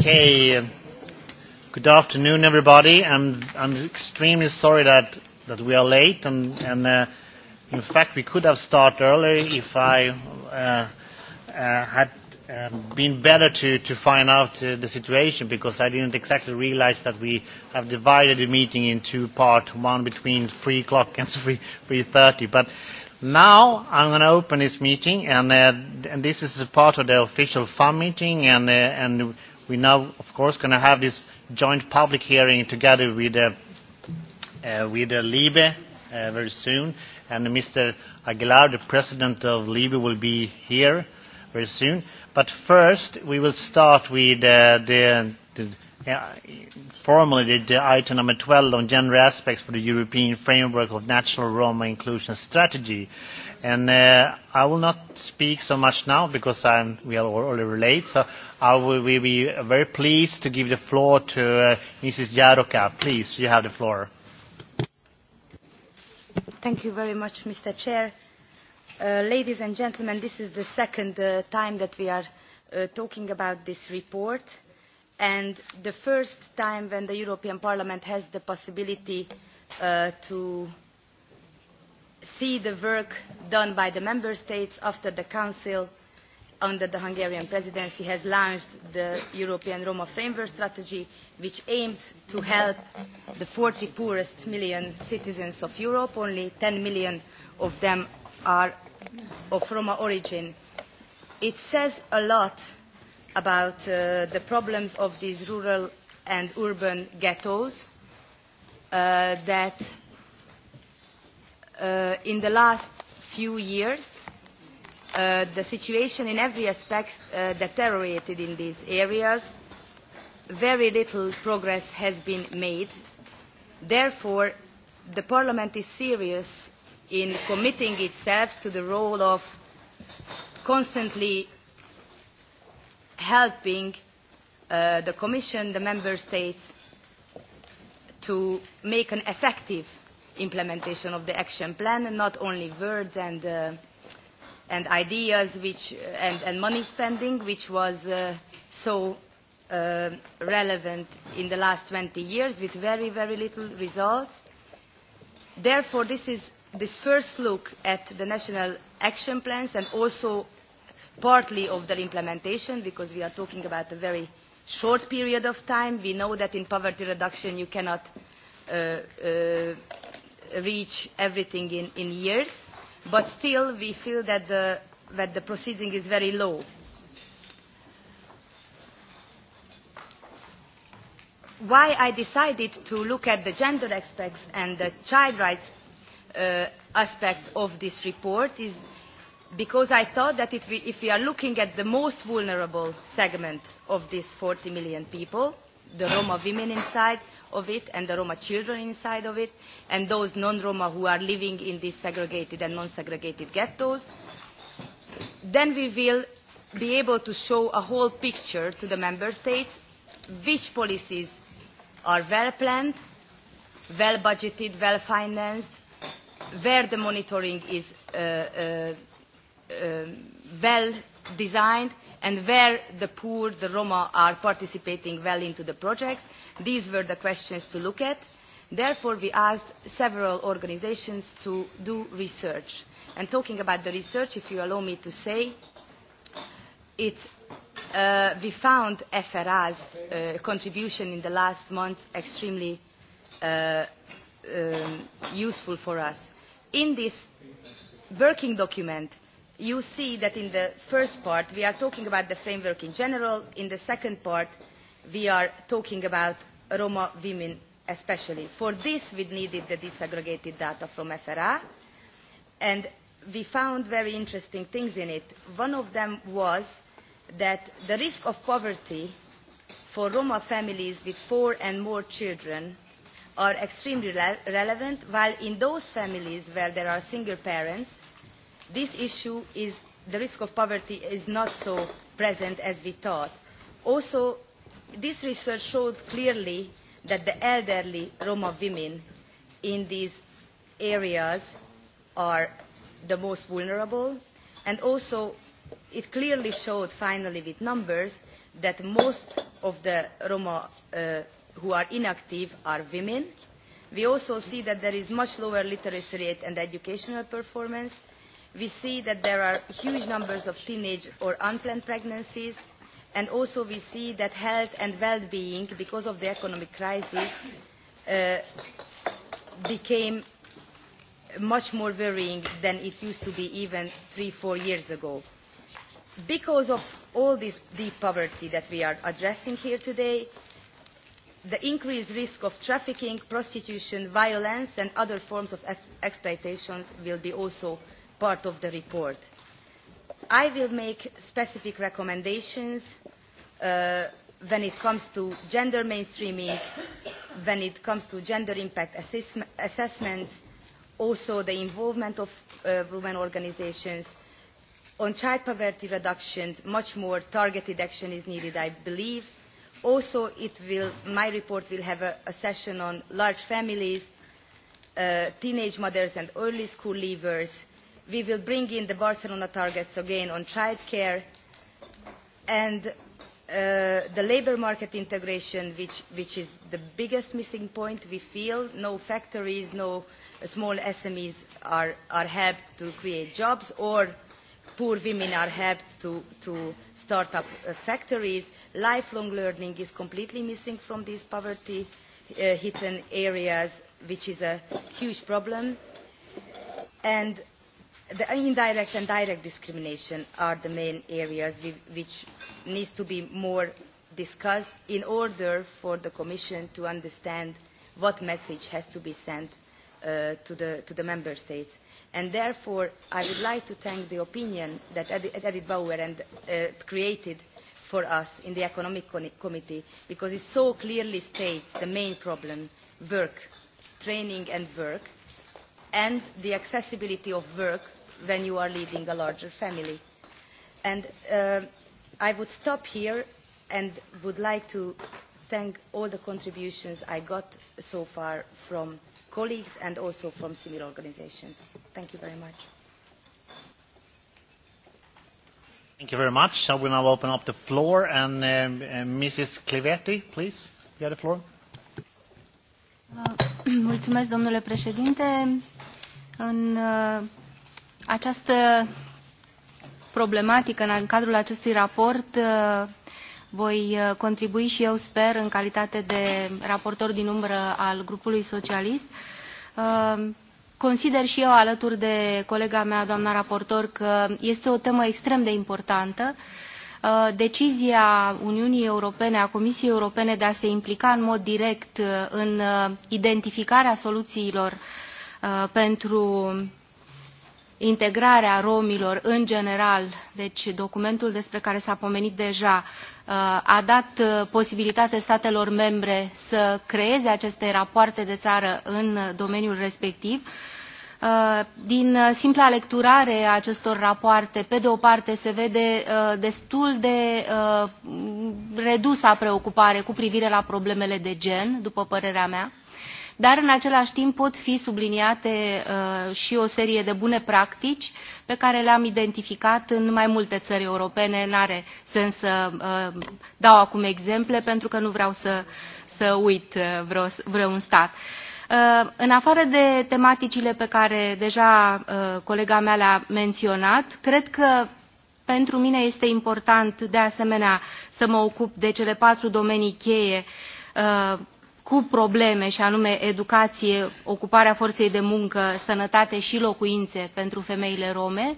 Okay. Good afternoon, everybody. I'm, I'm extremely sorry that, that we are late, and, and uh, in fact, we could have started earlier if I uh, uh, had um, been better to, to find out uh, the situation, because I didn't exactly realize that we have divided the meeting in two parts, one between 3 o'clock and 3, 3.30. But Now I'm going to open this meeting, and, uh, and this is a part of the official fund meeting, and, uh, and we now, of course, going to have this joint public hearing together with, uh, uh, with uh, Libe uh, very soon. And Mr. Aguilar, the president of Libe, will be here very soon. But first, we will start with uh, the, the formally the item number 12 on gender aspects for the European framework of national Roma inclusion strategy. And uh, I will not speak so much now because I'm, we are already late. So I will be very pleased to give the floor to uh, Mrs. Jaroka. Please, you have the floor. Thank you very much, Mr. Chair. Uh, ladies and gentlemen, this is the second uh, time that we are uh, talking about this report and the first time when the European Parliament has the possibility uh, to see the work done by the Member States after the Council under the Hungarian presidency has launched the European Roma Framework Strategy, which aimed to help the 40 poorest million citizens of Europe. Only 10 million of them are of Roma origin. It says a lot about uh, the problems of these rural and urban ghettos uh, that uh, in the last few years uh, the situation in every aspect uh, deteriorated in these areas. Very little progress has been made. Therefore, the Parliament is serious in committing itself to the role of constantly helping uh, the Commission, the Member States to make an effective implementation of the action plan and not only words and, uh, and ideas which, and, money spending which was uh, so relevant in the last 20 years with very, very little results. Therefore, this, is, this first look at the national action plans and also partly of their implementation because we are talking about a very short period of time. We know that in poverty reduction you cannot uh, uh, reach everything in, in years, but still we feel that the, that the proceeding is very low. Why I decided to look at the gender aspects and the child rights uh, aspects of this report is because I thought that if we, are looking at the most vulnerable segment of these 40 million people, the Roma women inside of it and the Roma children inside of it, and those non-Roma who are living in these segregated and non-segregated ghettos, then we will be able to show a whole picture to the member states which policies are well planned, well budgeted, well financed, where the monitoring is uh, uh, Uh, well designed and where the poor, the Roma, are participating well into the projects. These were the questions to look at. Therefore, we asked several organizations to do research. And talking about the research, if you allow me to say, it's, uh, we found FRA's uh, contribution in the last month extremely uh, um, useful for us. In this working document, you see that in the first part we are talking about the framework in general in the second part we are talking about roma women especially. for this we needed the disaggregated data from fra and we found very interesting things in it. one of them was that the risk of poverty for roma families with four and more children are extremely relevant while in those families where there are single parents this issue is the risk of poverty is not so present as we thought. also this research showed clearly that the elderly roma women in these areas are the most vulnerable and also it clearly showed finally with numbers that most of the roma uh, who are inactive are women. we also see that there is much lower literacy rate and educational performance we see that there are huge numbers of teenage or unplanned pregnancies and also we see that health and well being because of the economic crisis uh, became much more worrying than it used to be even three four years ago. because of all this deep poverty that we are addressing here today the increased risk of trafficking prostitution violence and other forms of exploitation will be also part of the report. I will make specific recommendations uh, when it comes to gender mainstreaming, when it comes to gender impact assessments, also the involvement of uh, women organisations. On child poverty reductions, much more targeted action is needed, I believe. Also, it will, my report will have a, session on large families, uh, teenage mothers and early school leavers, we will bring in the barcelona targets again on childcare and uh, the labour market integration which, is the biggest missing point we feel no factories no uh, small smes are, helped to create jobs or poor women are helped to, start up uh, factories lifelong learning is completely missing from these poverty hidden areas which is a huge problem and indirect and direct discrimination are the main areas which need to be more discussed in order for the commission to understand what message has to be sent uh, to, the, to the member states. And therefore i would like to thank the opinion that edit bauer and, uh, created for us in the economic committee because it so clearly states the main problem work training and work and the accessibility of work when you are leading a larger family. And uh, I would stop here and would like to thank all the contributions I got so far from colleagues and also from similar organizations. Thank you very much. Thank you very much. I will now open up the floor and um, uh, Mrs. Clivetti, please, you have the floor. Uh, mulțumesc, domnule președinte. În uh Această problematică în cadrul acestui raport uh, voi uh, contribui și eu, sper, în calitate de raportor din umbră al grupului socialist. Uh, consider și eu, alături de colega mea, doamna raportor, că este o temă extrem de importantă. Decizia Uniunii Europene, a Comisiei Europene de a se implica în mod direct în identificarea soluțiilor pentru integrarea romilor în general, deci documentul despre care s-a pomenit deja, uh, a dat uh, posibilitate statelor membre să creeze aceste rapoarte de țară în domeniul respectiv. Uh, din simpla lecturare a acestor rapoarte, pe de o parte se vede destul de redusa preocupare cu privire la problemele de gen, după părerea mea, dar în același timp pot fi subliniate uh, și o serie de bune practici pe care le-am identificat în mai multe țări europene. N-are sens să uh, dau acum exemple pentru că nu vreau să, să uit uh, vreo, vreun stat. În afară de tematicile pe care deja colega mea le-a menționat, cred că pentru mine este important de asemenea să mă ocup de cele patru domenii cheie cu probleme și anume educație, ocuparea forței de muncă, sănătate și locuințe pentru femeile rome,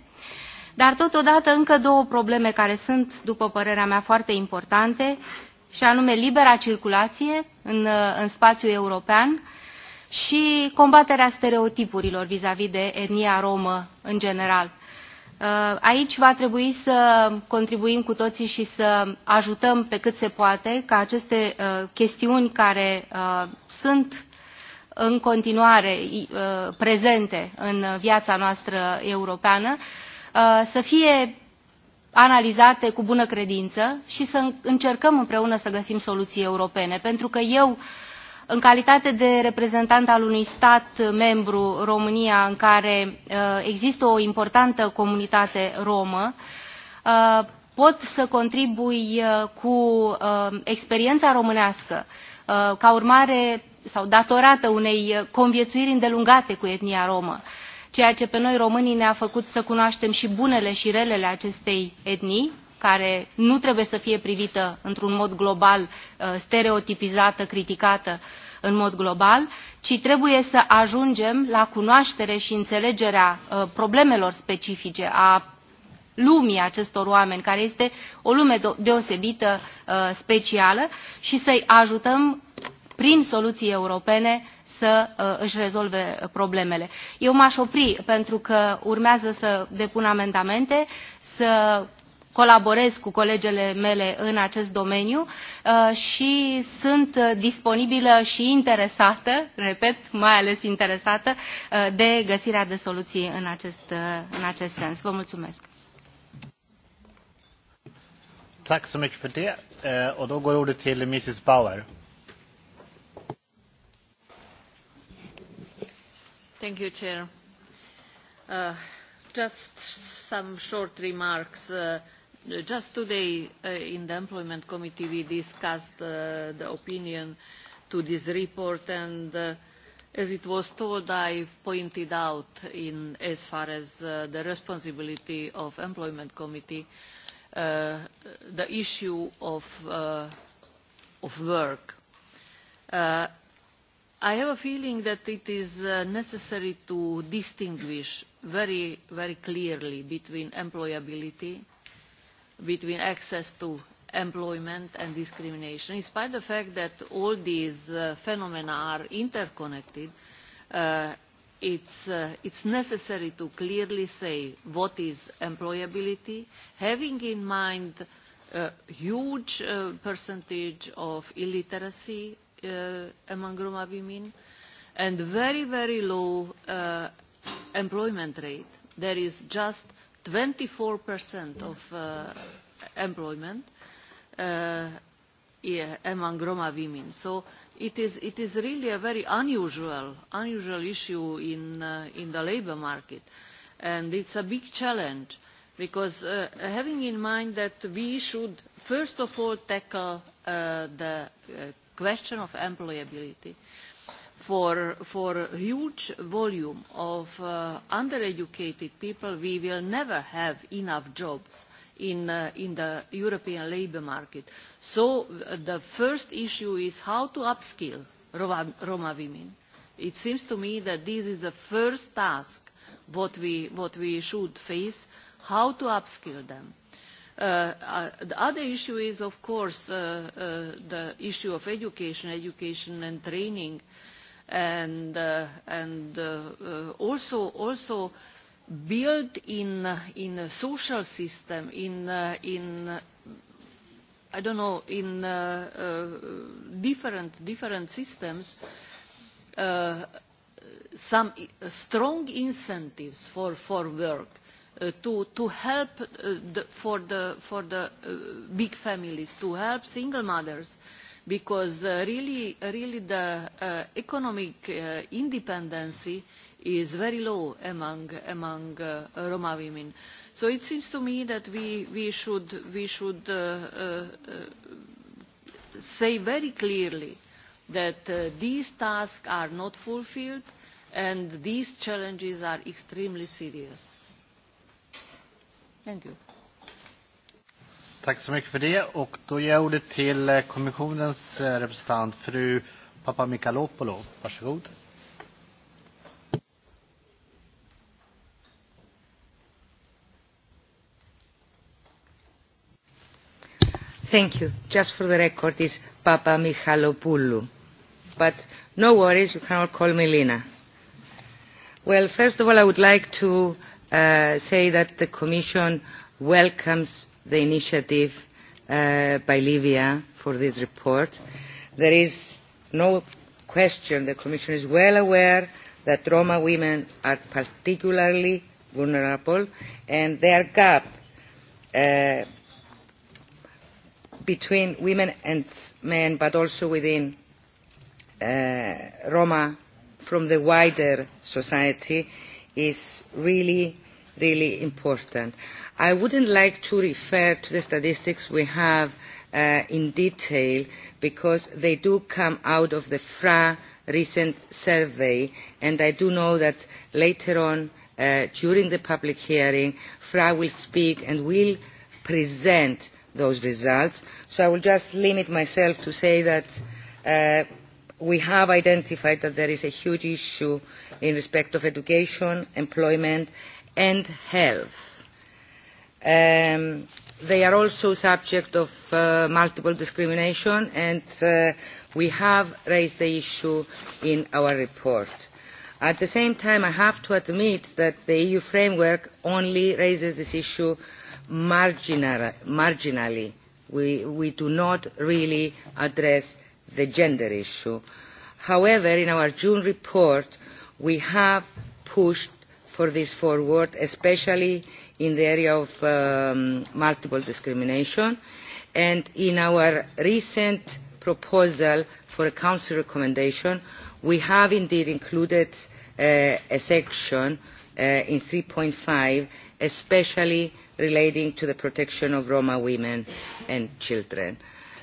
dar totodată încă două probleme care sunt, după părerea mea, foarte importante, și anume libera circulație în, în spațiul european și combaterea stereotipurilor vis-a-vis -vis de etnia romă în general Uh, aici va trebui să contribuim cu toții și să ajutăm pe cât se poate ca aceste uh, chestiuni care uh, sunt în continuare prezente în viața noastră europeană să fie analizate cu bună credință și să încercăm împreună să găsim soluții europene. Pentru că eu În calitate de reprezentant al unui stat membru, România, în care uh, există o importantă comunitate romă, uh, pot să contribui uh, cu experiența românească ca urmare sau datorată unei conviețuiri îndelungate cu etnia romă, ceea ce pe noi românii ne-a făcut să cunoaștem și bunele și relele acestei etnii care nu trebuie să fie privită într-un mod global, uh, stereotipizată, criticată în mod global, ci trebuie să ajungem la cunoaștere și înțelegerea uh, problemelor specifice, a lumii acestor oameni, care este o lume deosebită, uh, specială, și să-i ajutăm prin soluții europene să își rezolve problemele. Eu m-aș opri pentru că urmează să depun amendamente, să colaborez cu colegele mele în acest domeniu uh, și sunt uh, disponibilă și interesată, repet, mai ales interesată, uh, de găsirea de soluții în acest, în acest sens. Vă mulțumesc! Tack så mycket för det. Eh, och då går Mrs. Bauer. Thank you, Chair. just some short remarks. Just today uh, in the Employment Committee we discussed uh, the opinion to this report and uh, as it was told I pointed out in as far as the responsibility of Employment Committee the issue of, of work. I have a feeling that it is necessary to distinguish very, very clearly between employability between access to employment and discrimination In of the fact that all these uh, phenomena are interconnected it uh, it's uh, it's necessary to clearly say what is employability having in mind a huge percentage of illiteracy among roma women and very very low employment rate there is just 24% of uh, employment uh, yeah, among Roma women. So it is, it is really a very unusual, issue in, uh, in the labor market. And it's a big challenge because uh, having in mind that we should first of all tackle the question of employability, for, for a huge volume of uh, undereducated people we will never have enough jobs in, uh, in the European labor market. So uh, the first issue is how to upskill Roma, women. It seems to me that this is the first task what we, what we should face, how to upskill them. Uh, the other issue is of course the issue of education education and training and, uh, and uh, also, also build in, in a social system, in, uh, in i don't know in uh, uh, different different systems uh, some strong incentives for for work to to help the, for the for the big families to help single mothers because uh, really uh, really the uh, economic independence is very low among among Roma women. So it seems to me that we we should we should say very clearly that uh, these tasks are not fulfilled and these challenges are extremely serious. Thank you. Tack så mycket för det. Och då ger jag ordet till eh, kommissionens eh, representant, fru Papa Mikalopoulou. Varsågod. Thank you. Just for the record, is Papa Michalopoulou. But no worries, you can all call me Lina. Well, first of all, I would like to uh, say that the Commission welcomes the initiative uh, by Livia for this report. There is no question the Commission is well aware that Roma women are particularly vulnerable and their gap uh, between women and men but also within uh, Roma from the wider society is really really important. I wouldn't like to refer to the statistics we have uh, in detail because they do come out of the FRA recent survey and I do know that later on uh, during the public hearing FRA will speak and will present those results. So I will just limit myself to say that uh, we have identified that there is a huge issue in respect of education, employment and health. Um, they are also subject of uh, multiple discrimination and uh, we have raised the issue in our report. At the same time, I have to admit that the EU framework only raises this issue marginal, marginally. We, we do not really address the gender issue. However, in our June report, we have pushed for this forward, especially in the area of um, multiple discrimination. And in our recent proposal for a Council recommendation, we have indeed included uh, a section uh, in 3.5, especially relating to the protection of Roma women and children.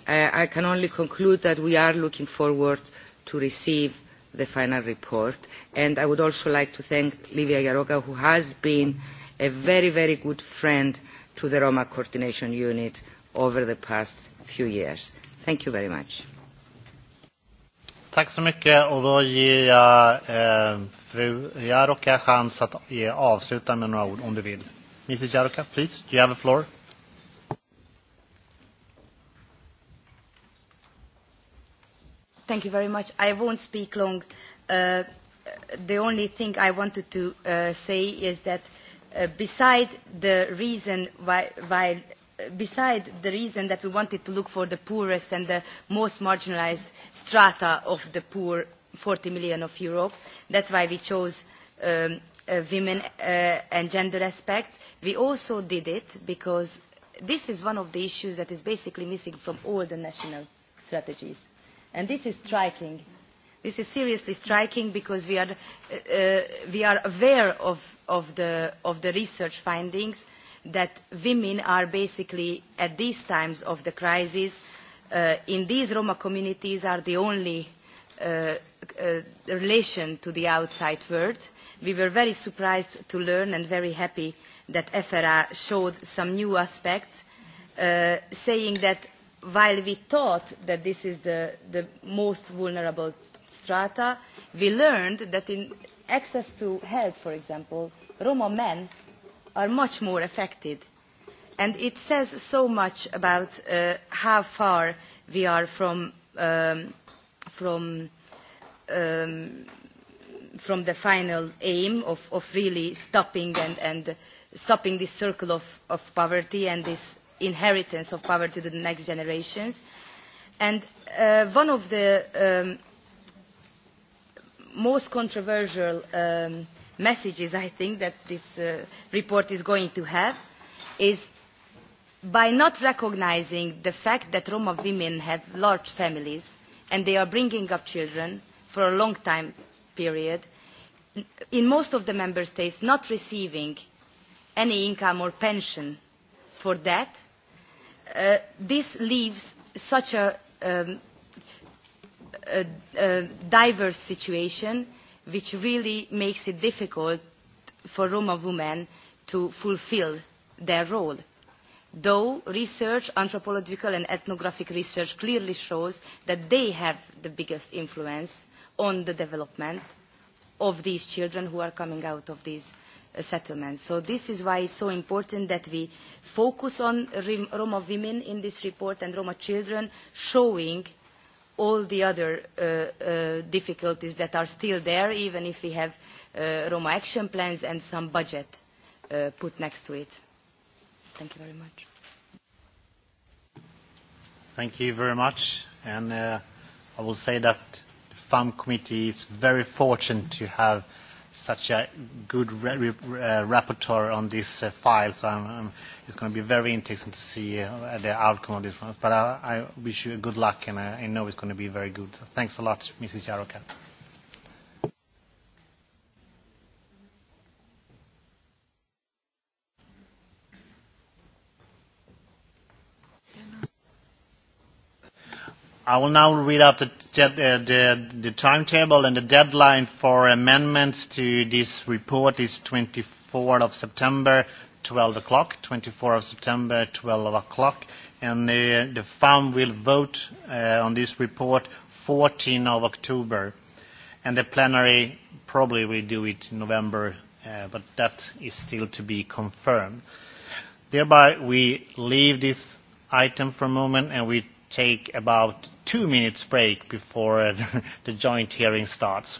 Uh, I can only conclude that we are looking forward to receive the final report. And I would also like to thank Livia Yaroga, who has been a very, very good friend to the Roma Coordination Unit over the past few years. Thank you very much. Tack så mycket och då ger jag eh, fru Jaroka chans att ge, avsluta med några ord om du vill. Mrs Jaroka, please, do you have the floor? Thank you very much. I won't speak long. Uh, the only thing I wanted to uh, say is that uh, beside the reason why, why beside the reason that we wanted to look for the poorest and the most marginalised strata of the poor 40 million of Europe, that's why we chose um, uh, women uh, and gender aspects. We also did it because this is one of the issues that is basically missing from all the national strategies and this is striking this is seriously striking because we are, uh, uh, we are aware of, the, of the research findings that women are basically at these times of the crisis uh, in these Roma communities are the only relation to the outside world. We were very surprised to learn and very happy that EFERA showed some new aspects saying that while we thought that this is the, the most vulnerable strata, we learned that in access to health, for example, Roma men are much more affected. And it says so much about uh, how far we are from, um, from, um, from the final aim of, of really stopping, and, and stopping this circle of, of poverty and this inheritance of power to the next generations. And uh, one of the um, most controversial um, messages I think that this uh, report is going to have is by not recognizing the fact that Roma women have large families and they are bringing up children for a long time period, in most of the member states not receiving any income or pension for that, Uh, this leaves such a, um, a, a diverse situation which really makes it difficult for Roma women to fulfill their role. Though research, anthropological and ethnographic research clearly shows that they have the biggest influence on the development of these children who are coming out of these settlements. So this is why it's so important that we focus on Roma women in this report and Roma children, showing all the other uh, uh, difficulties that are still there, even if we have uh, Roma action plans and some budget uh, put next to it. Thank you very much. Thank you very much. And uh, I will say that the FAM committee is very fortunate to have such a good re re uh, rapporteur on this uh, file, so I'm, I'm, it's going to be very interesting to see uh, the outcome of this one. But I, I wish you good luck, and I, I know it's going to be very good. So thanks a lot, Mrs. Jarokat. I will now read out the, the, the timetable and the deadline for amendments to this report is 24th of September, 12 o'clock, 24th of September, 12 o'clock, and the, the farm will vote uh, on this report 14 of October, and the plenary probably will do it in November, uh, but that is still to be confirmed. Thereby, we leave this item for a moment and we take about two minutes break before the joint hearing starts.